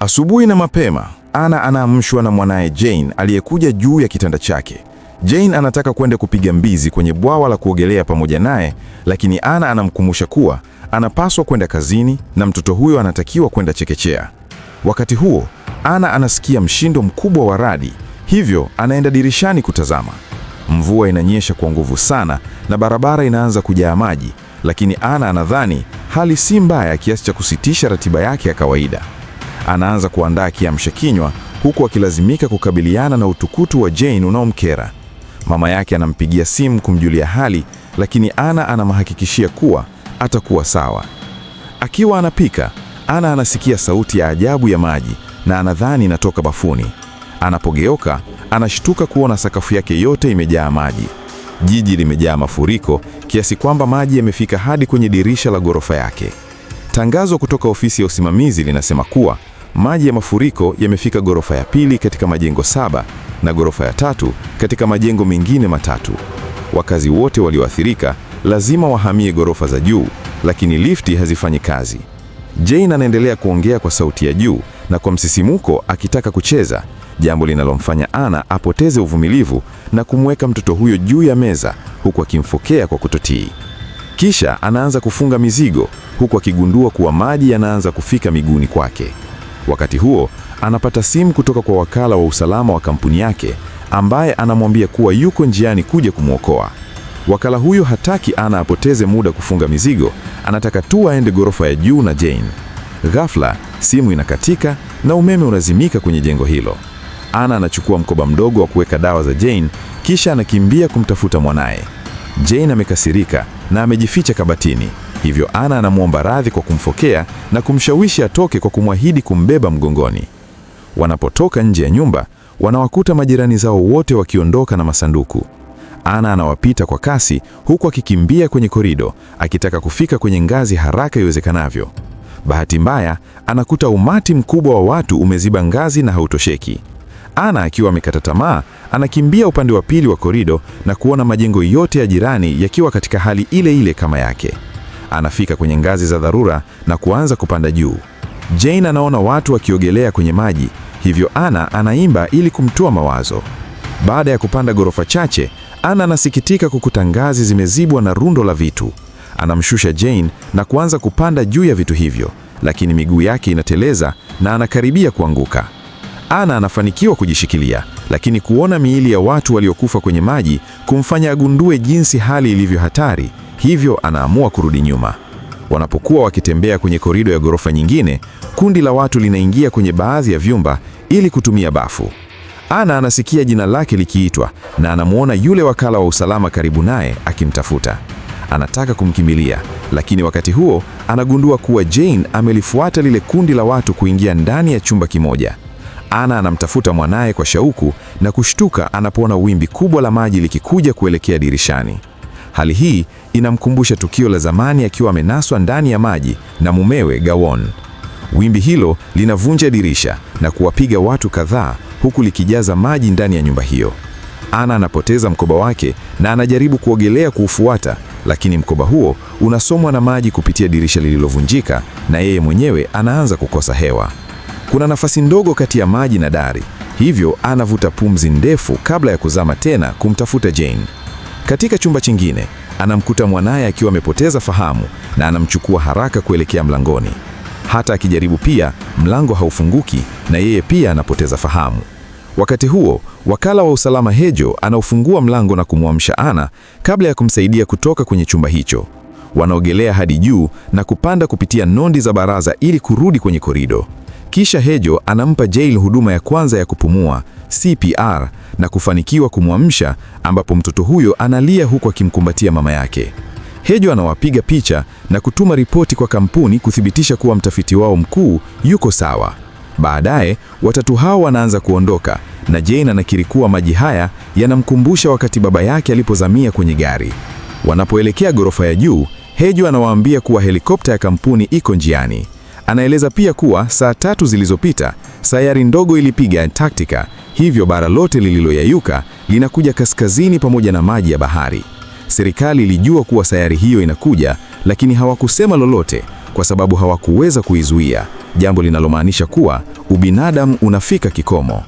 Asubuhi na mapema, Ana anaamshwa na mwanaye Jane aliyekuja juu ya kitanda chake. Jane anataka kwenda kupiga mbizi kwenye bwawa la kuogelea pamoja naye, lakini Ana anamkumbusha kuwa anapaswa kwenda kazini na mtoto huyo anatakiwa kwenda chekechea. Wakati huo, Ana anasikia mshindo mkubwa wa radi, hivyo anaenda dirishani kutazama. Mvua inanyesha kwa nguvu sana na barabara inaanza kujaa maji, lakini Ana anadhani hali si mbaya kiasi cha kusitisha ratiba yake ya kawaida anaanza kuandaa kiamsha kinywa huku akilazimika kukabiliana na utukutu wa Jane unaomkera. Mama yake anampigia simu kumjulia hali, lakini Ana anamhakikishia kuwa atakuwa sawa. Akiwa anapika, Ana anasikia sauti ya ajabu ya maji na anadhani inatoka bafuni. Anapogeuka, anashtuka kuona sakafu yake yote imejaa maji. Jiji limejaa mafuriko kiasi kwamba maji yamefika hadi kwenye dirisha la ghorofa yake. Tangazo kutoka ofisi ya usimamizi linasema kuwa Maji ya mafuriko yamefika ghorofa ya pili katika majengo saba na ghorofa ya tatu katika majengo mengine matatu. Wakazi wote walioathirika lazima wahamie ghorofa za juu, lakini lifti hazifanyi kazi. Jane anaendelea kuongea kwa sauti ya juu na kwa msisimuko akitaka kucheza, jambo linalomfanya Ana apoteze uvumilivu na kumweka mtoto huyo juu ya meza huku akimfokea kwa kutotii. Kisha anaanza kufunga mizigo huku akigundua kuwa maji yanaanza kufika miguuni kwake. Wakati huo anapata simu kutoka kwa wakala wa usalama wa kampuni yake ambaye anamwambia kuwa yuko njiani kuja kumwokoa. Wakala huyo hataki Ana apoteze muda kufunga mizigo, anataka tu aende ghorofa ya juu na Jane. Ghafla simu inakatika na umeme unazimika kwenye jengo hilo. Ana anachukua mkoba mdogo wa kuweka dawa za Jane, kisha anakimbia kumtafuta mwanaye. Jane amekasirika na amejificha kabatini hivyo Ana anamwomba radhi kwa kumfokea na kumshawishi atoke kwa kumwahidi kumbeba mgongoni. Wanapotoka nje ya nyumba, wanawakuta majirani zao wote wakiondoka na masanduku. Ana anawapita kwa kasi huku akikimbia kwenye korido akitaka kufika kwenye ngazi haraka iwezekanavyo. Bahati mbaya, anakuta umati mkubwa wa watu umeziba ngazi na hautosheki. Ana akiwa amekata tamaa, anakimbia upande wa pili wa korido na kuona majengo yote ya jirani yakiwa katika hali ile ile kama yake. Anafika kwenye ngazi za dharura na kuanza kupanda juu. Jane anaona watu wakiogelea kwenye maji, hivyo Ana anaimba ili kumtoa mawazo. Baada ya kupanda ghorofa chache, Ana anasikitika kukuta ngazi zimezibwa na rundo la vitu. Anamshusha Jane na kuanza kupanda juu ya vitu hivyo, lakini miguu yake inateleza na anakaribia kuanguka. Ana anafanikiwa kujishikilia, lakini kuona miili ya watu waliokufa kwenye maji kumfanya agundue jinsi hali ilivyo hatari hivyo anaamua kurudi nyuma. Wanapokuwa wakitembea kwenye korido ya ghorofa nyingine, kundi la watu linaingia kwenye baadhi ya vyumba ili kutumia bafu. Ana anasikia jina lake likiitwa na anamwona yule wakala wa usalama karibu naye akimtafuta. Anataka kumkimbilia, lakini wakati huo anagundua kuwa Jane amelifuata lile kundi la watu kuingia ndani ya chumba kimoja. Ana anamtafuta mwanaye kwa shauku na kushtuka anapoona wimbi kubwa la maji likikuja kuelekea dirishani. Hali hii inamkumbusha tukio la zamani akiwa amenaswa ndani ya maji na mumewe Gawon. Wimbi hilo linavunja dirisha na kuwapiga watu kadhaa huku likijaza maji ndani ya nyumba hiyo. Ana anapoteza mkoba wake na anajaribu kuogelea kuufuata, lakini mkoba huo unasomwa na maji kupitia dirisha lililovunjika na yeye mwenyewe anaanza kukosa hewa. Kuna nafasi ndogo kati ya maji na dari, hivyo anavuta pumzi ndefu kabla ya kuzama tena kumtafuta Jane. Katika chumba chingine, anamkuta mwanaye akiwa amepoteza fahamu na anamchukua haraka kuelekea mlangoni. Hata akijaribu pia, mlango haufunguki na yeye pia anapoteza fahamu. Wakati huo, wakala wa usalama Hejo anaufungua mlango na kumwamsha Ana kabla ya kumsaidia kutoka kwenye chumba hicho. Wanaogelea hadi juu na kupanda kupitia nondi za baraza ili kurudi kwenye korido. Kisha Hejo anampa Jail huduma ya kwanza ya kupumua CPR na kufanikiwa kumwamsha, ambapo mtoto huyo analia huku akimkumbatia mama yake. Hejo anawapiga picha na kutuma ripoti kwa kampuni kuthibitisha kuwa mtafiti wao mkuu yuko sawa. Baadaye watatu hao wanaanza kuondoka na Jane anakiri kuwa maji haya yanamkumbusha wakati baba yake alipozamia kwenye gari. Wanapoelekea ghorofa ya juu, Hejo anawaambia kuwa helikopta ya kampuni iko njiani. Anaeleza pia kuwa saa tatu zilizopita sayari ndogo ilipiga Antarctica, hivyo bara lote lililoyayuka linakuja kaskazini pamoja na maji ya bahari. Serikali ilijua kuwa sayari hiyo inakuja, lakini hawakusema lolote kwa sababu hawakuweza kuizuia, jambo linalomaanisha kuwa ubinadamu unafika kikomo.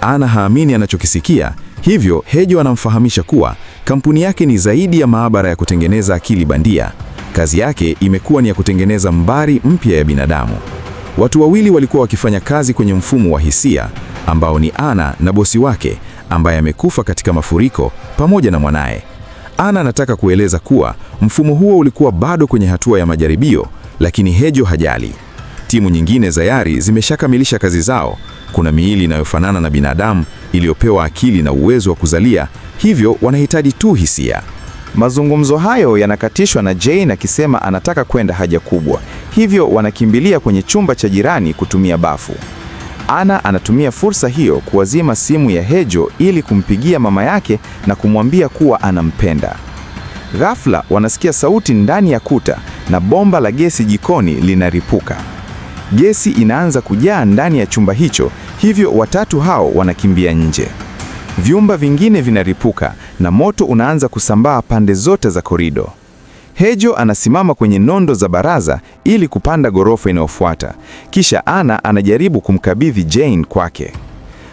Ana haamini anachokisikia, hivyo Hejo anamfahamisha kuwa kampuni yake ni zaidi ya maabara ya kutengeneza akili bandia. Kazi yake imekuwa ni ya kutengeneza mbari mpya ya binadamu. Watu wawili walikuwa wakifanya kazi kwenye mfumo wa hisia ambao ni Ana na bosi wake ambaye amekufa katika mafuriko pamoja na mwanaye. Ana anataka kueleza kuwa mfumo huo ulikuwa bado kwenye hatua ya majaribio, lakini Hejo hajali. Timu nyingine tayari zimeshakamilisha kazi zao. Kuna miili inayofanana na binadamu iliyopewa akili na uwezo wa kuzalia, hivyo wanahitaji tu hisia. Mazungumzo hayo yanakatishwa na Jane akisema anataka kwenda haja kubwa, hivyo wanakimbilia kwenye chumba cha jirani kutumia bafu. Ana anatumia fursa hiyo kuwazima simu ya Hejo ili kumpigia mama yake na kumwambia kuwa anampenda. Ghafla wanasikia sauti ndani ya kuta na bomba la gesi jikoni linaripuka. Gesi inaanza kujaa ndani ya chumba hicho, hivyo watatu hao wanakimbia nje. Vyumba vingine vinaripuka na moto unaanza kusambaa pande zote za korido. Hejo anasimama kwenye nondo za baraza ili kupanda ghorofa inayofuata, kisha Ana anajaribu kumkabidhi Jane kwake.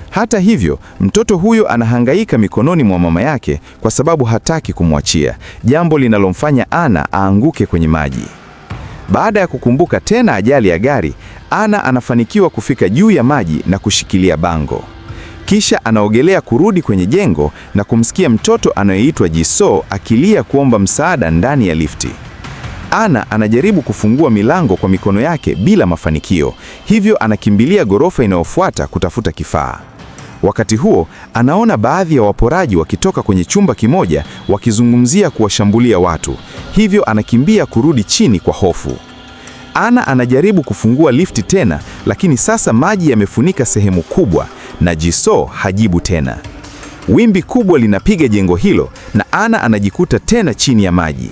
Hata hivyo, mtoto huyo anahangaika mikononi mwa mama yake kwa sababu hataki kumwachia, jambo linalomfanya Ana aanguke kwenye maji. Baada ya kukumbuka tena ajali ya gari, Ana anafanikiwa kufika juu ya maji na kushikilia bango. Kisha anaogelea kurudi kwenye jengo na kumsikia mtoto anayeitwa Jisoo akilia kuomba msaada ndani ya lifti. Ana anajaribu kufungua milango kwa mikono yake bila mafanikio, hivyo anakimbilia ghorofa inayofuata kutafuta kifaa. Wakati huo anaona baadhi ya waporaji wakitoka kwenye chumba kimoja wakizungumzia kuwashambulia watu, hivyo anakimbia kurudi chini kwa hofu. Ana anajaribu kufungua lifti tena, lakini sasa maji yamefunika sehemu kubwa, na Jisoo hajibu tena. Wimbi kubwa linapiga jengo hilo na Ana anajikuta tena chini ya maji.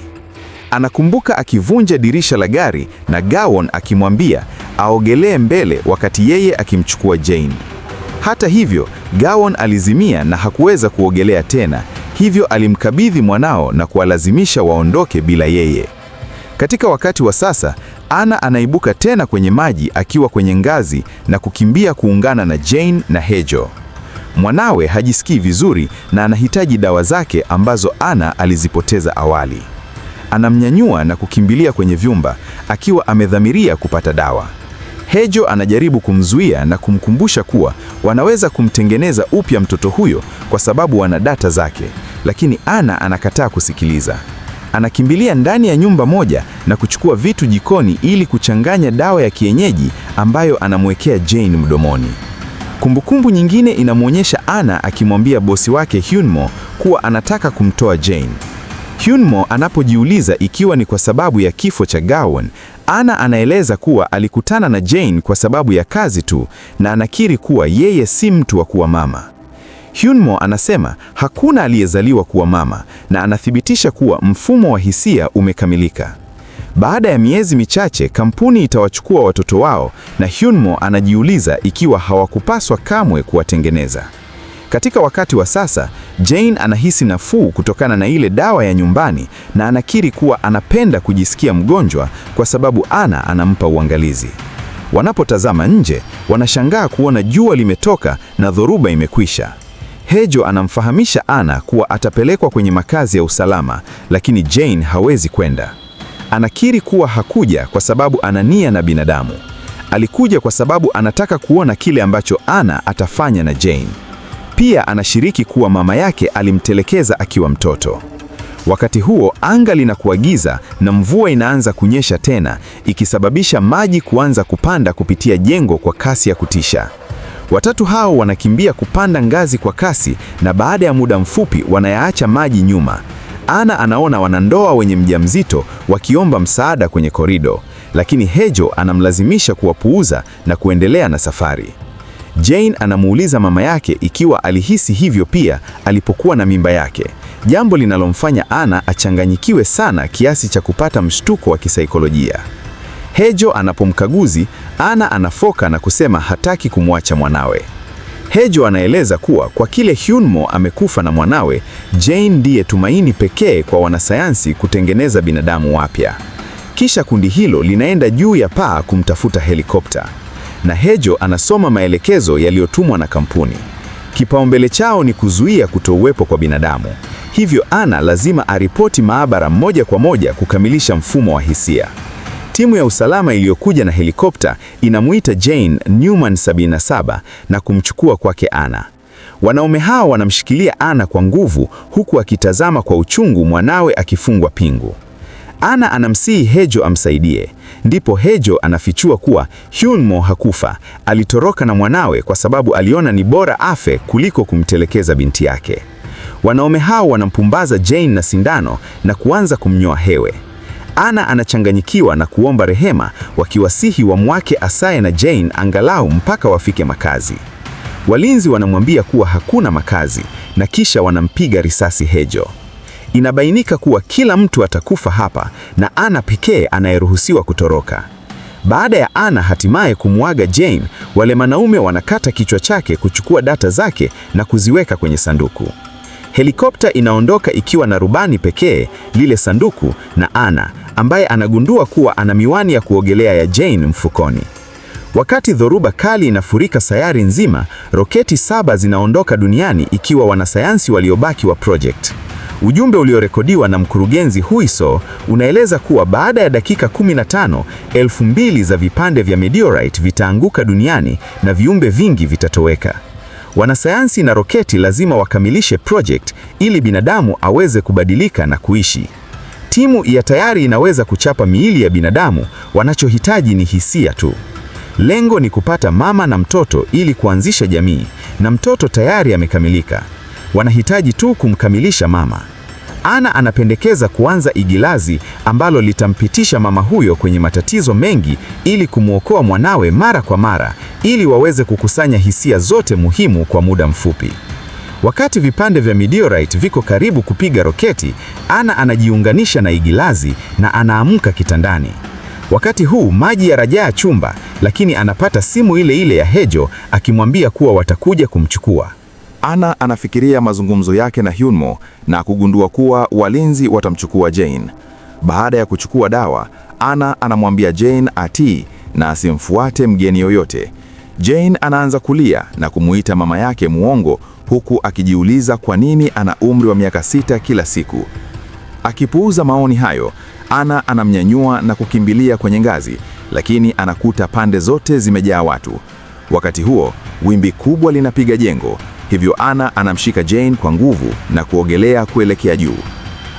Anakumbuka akivunja dirisha la gari na Gawon akimwambia aogelee mbele wakati yeye akimchukua Jane. Hata hivyo, Gawon alizimia na hakuweza kuogelea tena, hivyo alimkabidhi mwanao na kuwalazimisha waondoke bila yeye. Katika wakati wa sasa, Anna anaibuka tena kwenye maji akiwa kwenye ngazi na kukimbia kuungana na Jane na Hejo. Mwanawe hajisikii vizuri na anahitaji dawa zake ambazo Anna alizipoteza awali. Anamnyanyua na kukimbilia kwenye vyumba akiwa amedhamiria kupata dawa. Hejo anajaribu kumzuia na kumkumbusha kuwa wanaweza kumtengeneza upya mtoto huyo kwa sababu wana data zake, lakini Anna anakataa kusikiliza. Anakimbilia ndani ya nyumba moja na kuchukua vitu jikoni ili kuchanganya dawa ya kienyeji ambayo anamwekea Jane mdomoni. Kumbukumbu nyingine inamwonyesha Ana akimwambia bosi wake Hyunmo kuwa anataka kumtoa Jane. Hyunmo anapojiuliza ikiwa ni kwa sababu ya kifo cha Gawon, Ana anaeleza kuwa alikutana na Jane kwa sababu ya kazi tu na anakiri kuwa yeye si mtu wa kuwa mama. Hyunmo anasema hakuna aliyezaliwa kuwa mama na anathibitisha kuwa mfumo wa hisia umekamilika. Baada ya miezi michache, kampuni itawachukua watoto wao na Hyunmo anajiuliza ikiwa hawakupaswa kamwe kuwatengeneza. Katika wakati wa sasa, Jane anahisi nafuu kutokana na ile dawa ya nyumbani na anakiri kuwa anapenda kujisikia mgonjwa kwa sababu Ana anampa uangalizi. Wanapotazama nje, wanashangaa kuona jua limetoka na dhoruba imekwisha. Hejo anamfahamisha Ana kuwa atapelekwa kwenye makazi ya usalama, lakini Jane hawezi kwenda. Anakiri kuwa hakuja kwa sababu ana nia na binadamu. Alikuja kwa sababu anataka kuona kile ambacho Ana atafanya na Jane. Pia anashiriki kuwa mama yake alimtelekeza akiwa mtoto. Wakati huo anga linakuwa giza na mvua inaanza kunyesha tena, ikisababisha maji kuanza kupanda kupitia jengo kwa kasi ya kutisha. Watatu hao wanakimbia kupanda ngazi kwa kasi na baada ya muda mfupi wanayaacha maji nyuma. Ana anaona wanandoa wenye mjamzito wakiomba msaada kwenye korido, lakini Hejo anamlazimisha kuwapuuza na kuendelea na safari. Jane anamuuliza mama yake ikiwa alihisi hivyo pia alipokuwa na mimba yake, jambo linalomfanya Ana achanganyikiwe sana kiasi cha kupata mshtuko wa kisaikolojia. Hejo anapomkaguzi, Ana anafoka na kusema hataki kumwacha mwanawe. Hejo anaeleza kuwa kwa kile Hyunmo amekufa na mwanawe, Jane ndiye tumaini pekee kwa wanasayansi kutengeneza binadamu wapya. Kisha kundi hilo linaenda juu ya paa kumtafuta helikopta, na Hejo anasoma maelekezo yaliyotumwa na kampuni. Kipaumbele chao ni kuzuia kutouwepo kwa binadamu, hivyo Ana lazima aripoti maabara moja kwa moja kukamilisha mfumo wa hisia. Timu ya usalama iliyokuja na helikopta inamuita Jane Newman 77 na kumchukua kwake Ana. Wanaume hao wanamshikilia Ana kwa nguvu huku akitazama kwa uchungu mwanawe akifungwa pingu. Ana anamsihi Hejo amsaidie. Ndipo Hejo anafichua kuwa Hyunmo hakufa, alitoroka na mwanawe kwa sababu aliona ni bora afe kuliko kumtelekeza binti yake. Wanaume hao wanampumbaza Jane na sindano na kuanza kumnyoa hewe. Ana anachanganyikiwa na kuomba rehema, wakiwasihi wamwake Asaya na Jane angalau mpaka wafike makazi. Walinzi wanamwambia kuwa hakuna makazi na kisha wanampiga risasi Hejo. Inabainika kuwa kila mtu atakufa hapa na Ana pekee anayeruhusiwa kutoroka. Baada ya Ana hatimaye kumwaga Jane, wale wanaume wanakata kichwa chake kuchukua data zake na kuziweka kwenye sanduku. Helikopta inaondoka ikiwa na rubani pekee, lile sanduku na Ana ambaye anagundua kuwa ana miwani ya kuogelea ya Jane mfukoni. Wakati dhoruba kali inafurika sayari nzima, roketi saba zinaondoka duniani ikiwa wanasayansi waliobaki wa project. Ujumbe uliorekodiwa na mkurugenzi Huiso unaeleza kuwa baada ya dakika 15, elfu mbili za vipande vya meteorite vitaanguka duniani na viumbe vingi vitatoweka. Wanasayansi na roketi lazima wakamilishe project ili binadamu aweze kubadilika na kuishi. Timu ya tayari inaweza kuchapa miili ya binadamu, wanachohitaji ni hisia tu. Lengo ni kupata mama na mtoto ili kuanzisha jamii, na mtoto tayari amekamilika. Wanahitaji tu kumkamilisha mama. Ana anapendekeza kuanza igilazi ambalo litampitisha mama huyo kwenye matatizo mengi ili kumwokoa mwanawe mara kwa mara ili waweze kukusanya hisia zote muhimu kwa muda mfupi. Wakati vipande vya meteorite viko karibu kupiga roketi, Ana anajiunganisha na igilazi na anaamka kitandani. Wakati huu maji yarajaa chumba, lakini anapata simu ile ile ya Hejo akimwambia kuwa watakuja kumchukua. Ana anafikiria mazungumzo yake na Hyunmo na kugundua kuwa walinzi watamchukua Jane. Baada ya kuchukua dawa, Ana anamwambia Jane atii na asimfuate mgeni yoyote. Jane anaanza kulia na kumuita mama yake muongo huku akijiuliza kwa nini ana umri wa miaka sita kila siku. Akipuuza maoni hayo, Ana anamnyanyua na kukimbilia kwenye ngazi, lakini anakuta pande zote zimejaa watu. Wakati huo, wimbi kubwa linapiga jengo Hivyo Anna anamshika Jane kwa nguvu na kuogelea kuelekea juu.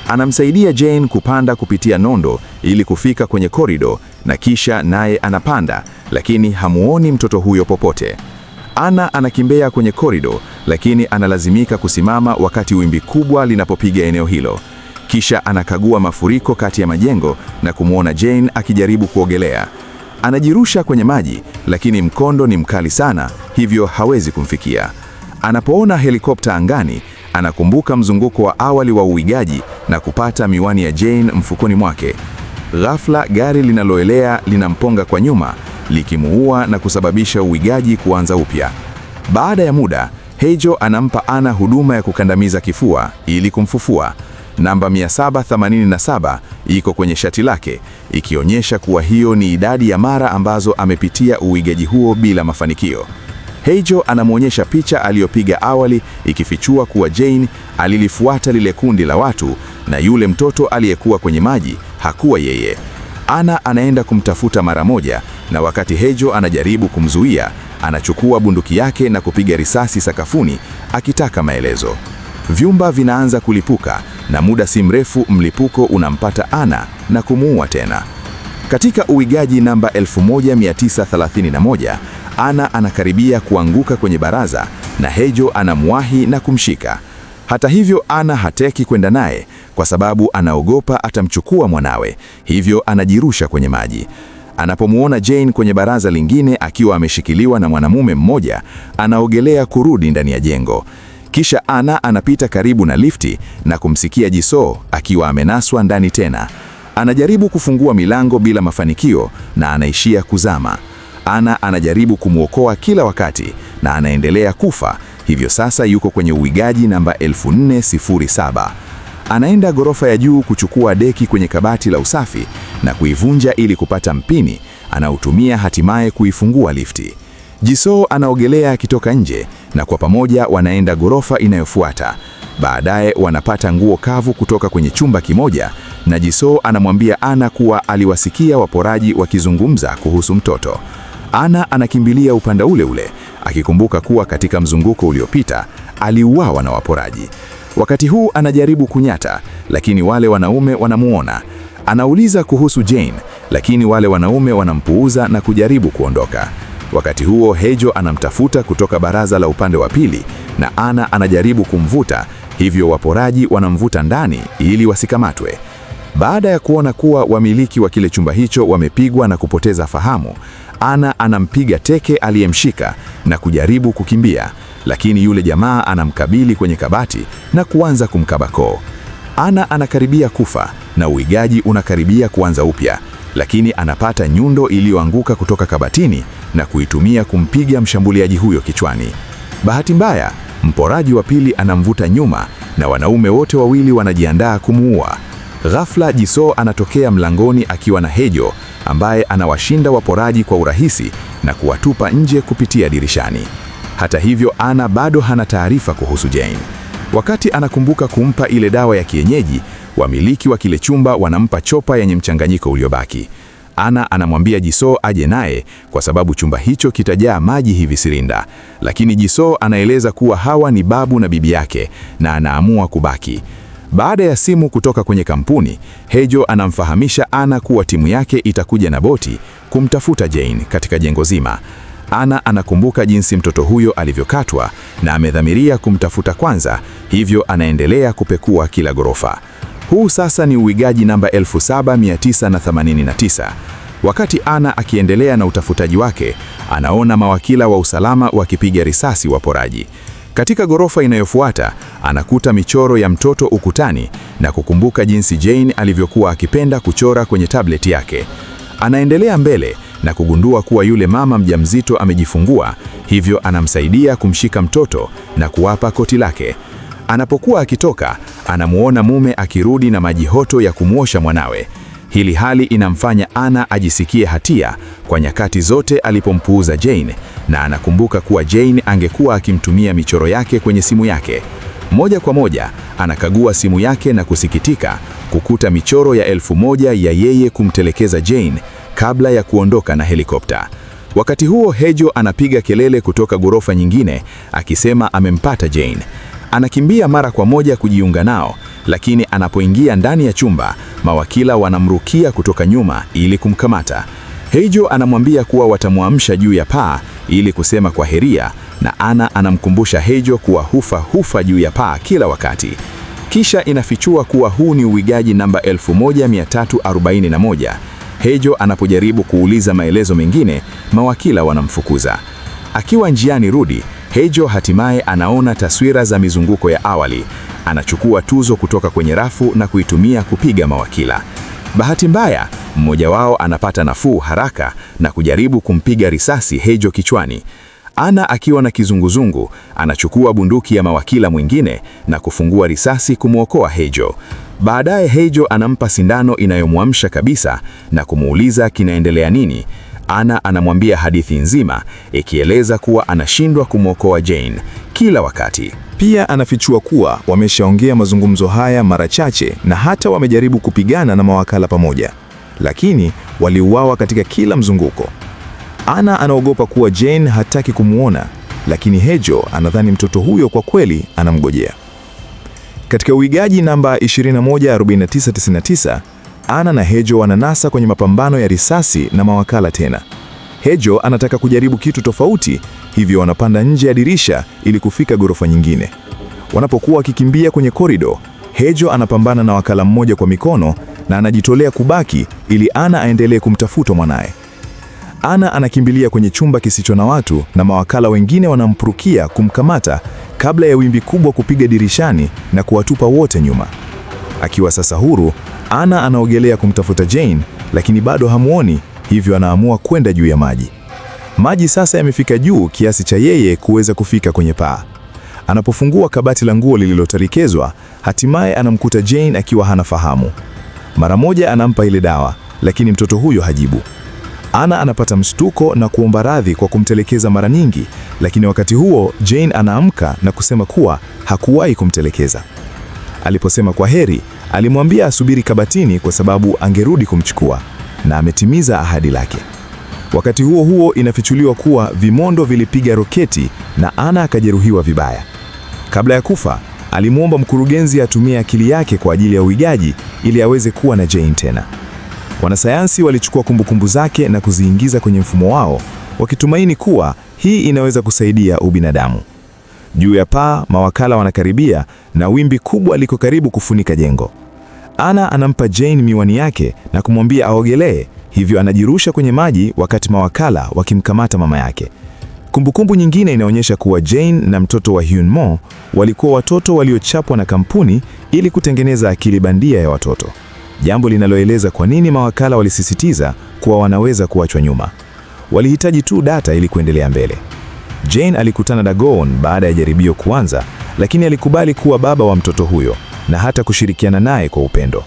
Anamsaidia Jane kupanda kupitia nondo ili kufika kwenye korido na kisha naye anapanda, lakini hamuoni mtoto huyo popote. Anna anakimbea kwenye korido, lakini analazimika kusimama wakati wimbi kubwa linapopiga eneo hilo. Kisha anakagua mafuriko kati ya majengo na kumwona Jane akijaribu kuogelea. Anajirusha kwenye maji, lakini mkondo ni mkali sana, hivyo hawezi kumfikia. Anapoona helikopta angani, anakumbuka mzunguko wa awali wa uigaji na kupata miwani ya Jane mfukoni mwake. Ghafla gari linaloelea linamponga kwa nyuma likimuua na kusababisha uigaji kuanza upya. Baada ya muda, Heijo anampa Ana huduma ya kukandamiza kifua ili kumfufua. Namba 787 iko kwenye shati lake, ikionyesha kuwa hiyo ni idadi ya mara ambazo amepitia uigaji huo bila mafanikio. Heijo anamwonyesha picha aliyopiga awali ikifichua kuwa Jane alilifuata lile kundi la watu na yule mtoto aliyekuwa kwenye maji hakuwa yeye. Ana anaenda kumtafuta mara moja na wakati Heijo anajaribu kumzuia, anachukua bunduki yake na kupiga risasi sakafuni akitaka maelezo. Vyumba vinaanza kulipuka na muda si mrefu mlipuko unampata Ana na kumuua tena. Katika uigaji namba 1931 ana anakaribia kuanguka kwenye baraza na Hejo anamwahi na kumshika. Hata hivyo, Ana hataki kwenda naye kwa sababu anaogopa atamchukua mwanawe, hivyo anajirusha kwenye maji. Anapomwona Jane kwenye baraza lingine akiwa ameshikiliwa na mwanamume mmoja, anaogelea kurudi ndani ya jengo. Kisha Ana anapita karibu na lifti na kumsikia Jisoo akiwa amenaswa ndani tena. Anajaribu kufungua milango bila mafanikio na anaishia kuzama. Ana anajaribu kumwokoa kila wakati na anaendelea kufa, hivyo sasa yuko kwenye uigaji namba 1407. Anaenda ghorofa ya juu kuchukua deki kwenye kabati la usafi na kuivunja ili kupata mpini anaotumia hatimaye kuifungua lifti. Jisoo anaogelea akitoka nje na kwa pamoja wanaenda ghorofa inayofuata. Baadaye wanapata nguo kavu kutoka kwenye chumba kimoja na Jisoo anamwambia Ana kuwa aliwasikia waporaji wakizungumza kuhusu mtoto. Ana anakimbilia upande ule ule akikumbuka kuwa katika mzunguko uliopita aliuawa na waporaji. Wakati huu anajaribu kunyata, lakini wale wanaume wanamuona. Anauliza kuhusu Jane, lakini wale wanaume wanampuuza na kujaribu kuondoka. Wakati huo Hejo anamtafuta kutoka baraza la upande wa pili na Ana anajaribu kumvuta, hivyo waporaji wanamvuta ndani ili wasikamatwe. Baada ya kuona kuwa wamiliki wa kile chumba hicho wamepigwa na kupoteza fahamu, ana anampiga teke aliyemshika na kujaribu kukimbia, lakini yule jamaa anamkabili kwenye kabati na kuanza koo. Ana anakaribia kufa na uigaji unakaribia kuanza upya, lakini anapata nyundo iliyoanguka kutoka kabatini na kuitumia kumpiga mshambuliaji huyo kichwani. Bahati mbaya, mporaji wa pili anamvuta nyuma na wanaume wote wawili wanajiandaa kumuua. Ghafla Jisoo anatokea mlangoni akiwa na Hejo ambaye anawashinda waporaji kwa urahisi na kuwatupa nje kupitia dirishani. Hata hivyo, Ana bado hana taarifa kuhusu Jane. Wakati anakumbuka kumpa ile dawa ya kienyeji, wamiliki wa kile chumba wanampa chopa yenye mchanganyiko uliobaki. Ana anamwambia Jisoo aje naye kwa sababu chumba hicho kitajaa maji hivi sirinda, lakini Jisoo anaeleza kuwa hawa ni babu na bibi yake na anaamua kubaki. Baada ya simu kutoka kwenye kampuni, Hejo anamfahamisha Ana kuwa timu yake itakuja na boti kumtafuta Jane katika jengo zima. Ana anakumbuka jinsi mtoto huyo alivyokatwa na amedhamiria kumtafuta kwanza, hivyo anaendelea kupekua kila ghorofa. Huu sasa ni uigaji namba 7989. Wakati Ana akiendelea na utafutaji wake, anaona mawakila wa usalama wakipiga risasi waporaji. Katika ghorofa inayofuata anakuta michoro ya mtoto ukutani na kukumbuka jinsi Jane alivyokuwa akipenda kuchora kwenye tableti yake. Anaendelea mbele na kugundua kuwa yule mama mjamzito amejifungua, hivyo anamsaidia kumshika mtoto na kuwapa koti lake. Anapokuwa akitoka, anamuona mume akirudi na maji hoto ya kumwosha mwanawe. Hili hali inamfanya Anna ajisikie hatia kwa nyakati zote alipompuuza Jane, na anakumbuka kuwa Jane angekuwa akimtumia michoro yake kwenye simu yake. Moja kwa moja anakagua simu yake na kusikitika kukuta michoro ya elfu moja ya yeye kumtelekeza Jane kabla ya kuondoka na helikopta. Wakati huo Hejo anapiga kelele kutoka ghorofa nyingine akisema amempata Jane. Anakimbia mara kwa moja kujiunga nao, lakini anapoingia ndani ya chumba, mawakila wanamrukia kutoka nyuma ili kumkamata. Hejo anamwambia kuwa watamwamsha juu ya paa ili kusema kwa heria, na Ana anamkumbusha Hejo kuwa hufa hufa juu ya paa kila wakati. Kisha inafichua kuwa huu ni uigaji namba 1341. Hejo anapojaribu kuuliza maelezo mengine, mawakila wanamfukuza. Akiwa njiani rudi, Hejo hatimaye anaona taswira za mizunguko ya awali. Anachukua tuzo kutoka kwenye rafu na kuitumia kupiga mawakila. Bahati mbaya, mmoja wao anapata nafuu haraka na kujaribu kumpiga risasi Hejo kichwani. Ana akiwa na kizunguzungu, anachukua bunduki ya mawakila mwingine na kufungua risasi kumwokoa Hejo. Baadaye Hejo anampa sindano inayomwamsha kabisa na kumuuliza kinaendelea nini. Ana anamwambia hadithi nzima ikieleza kuwa anashindwa kumwokoa Jane kila wakati. Pia anafichua kuwa wameshaongea mazungumzo haya mara chache na hata wamejaribu kupigana na mawakala pamoja, lakini waliuawa katika kila mzunguko. Ana anaogopa kuwa Jane hataki kumwona, lakini Hejo anadhani mtoto huyo kwa kweli anamgojea. Katika uigaji namba 214999 ana na Hejo wananasa kwenye mapambano ya risasi na mawakala tena. Hejo anataka kujaribu kitu tofauti, hivyo wanapanda nje ya dirisha ili kufika ghorofa nyingine. Wanapokuwa wakikimbia kwenye korido, Hejo anapambana na wakala mmoja kwa mikono na anajitolea kubaki ili Ana aendelee kumtafuta mwanaye. Ana anakimbilia kwenye chumba kisicho na watu na mawakala wengine wanampurukia kumkamata kabla ya wimbi kubwa kupiga dirishani na kuwatupa wote nyuma. Akiwa sasa huru, Ana anaogelea kumtafuta Jane, lakini bado hamwoni, hivyo anaamua kwenda juu ya maji. Maji sasa yamefika juu kiasi cha yeye kuweza kufika kwenye paa. Anapofungua kabati la nguo lililotarikezwa, hatimaye anamkuta Jane akiwa hana fahamu. Mara moja anampa ile dawa, lakini mtoto huyo hajibu. Ana anapata mshtuko na kuomba radhi kwa kumtelekeza mara nyingi, lakini wakati huo Jane anaamka na kusema kuwa hakuwahi kumtelekeza. Aliposema kwa heri, Alimwambia asubiri kabatini kwa sababu angerudi kumchukua na ametimiza ahadi lake. Wakati huo huo, inafichuliwa kuwa vimondo vilipiga roketi na Ana akajeruhiwa vibaya. Kabla ya kufa, alimwomba mkurugenzi atumie akili yake kwa ajili ya uigaji ili aweze kuwa na Jane tena. Wanasayansi walichukua kumbukumbu zake na kuziingiza kwenye mfumo wao, wakitumaini kuwa hii inaweza kusaidia ubinadamu. Juu ya paa mawakala wanakaribia na wimbi kubwa liko karibu kufunika jengo. Ana anampa Jane miwani yake na kumwambia aogelee, hivyo anajirusha kwenye maji wakati mawakala wakimkamata mama yake. Kumbukumbu nyingine inaonyesha kuwa Jane na mtoto wa Hyun Mo walikuwa watoto waliochapwa na kampuni ili kutengeneza akili bandia ya watoto, jambo linaloeleza kwa nini mawakala walisisitiza kuwa wanaweza kuachwa nyuma. Walihitaji tu data ili kuendelea mbele. Jane alikutana na Gowon baada ya jaribio kuanza, lakini alikubali kuwa baba wa mtoto huyo na hata kushirikiana naye kwa upendo.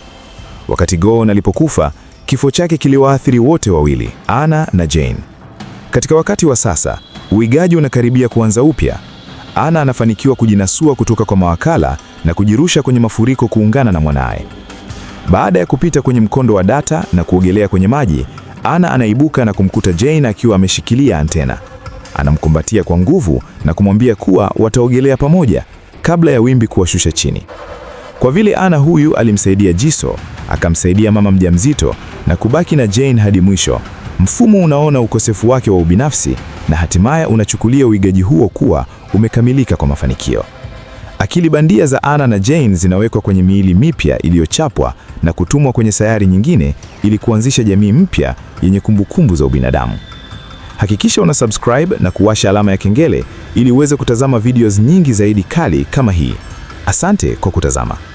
Wakati Gowon alipokufa, kifo chake kiliwaathiri wote wawili, Anna na Jane. Katika wakati wa sasa, uigaji unakaribia kuanza upya. Anna anafanikiwa kujinasua kutoka kwa mawakala na kujirusha kwenye mafuriko kuungana na mwanaye. Baada ya kupita kwenye mkondo wa data na kuogelea kwenye maji, Anna anaibuka na kumkuta Jane akiwa ameshikilia antena. Anamkumbatia kwa nguvu na kumwambia kuwa wataogelea pamoja kabla ya wimbi kuwashusha chini. Kwa vile Ana huyu alimsaidia jiso akamsaidia mama mjamzito na kubaki na Jane hadi mwisho, mfumo unaona ukosefu wake wa ubinafsi na hatimaye unachukulia uigaji huo kuwa umekamilika kwa mafanikio. Akili bandia za Ana na Jane zinawekwa kwenye miili mipya iliyochapwa na kutumwa kwenye sayari nyingine ili kuanzisha jamii mpya yenye kumbukumbu za ubinadamu. Hakikisha una subscribe na kuwasha alama ya kengele ili uweze kutazama videos nyingi zaidi kali kama hii. Asante kwa kutazama.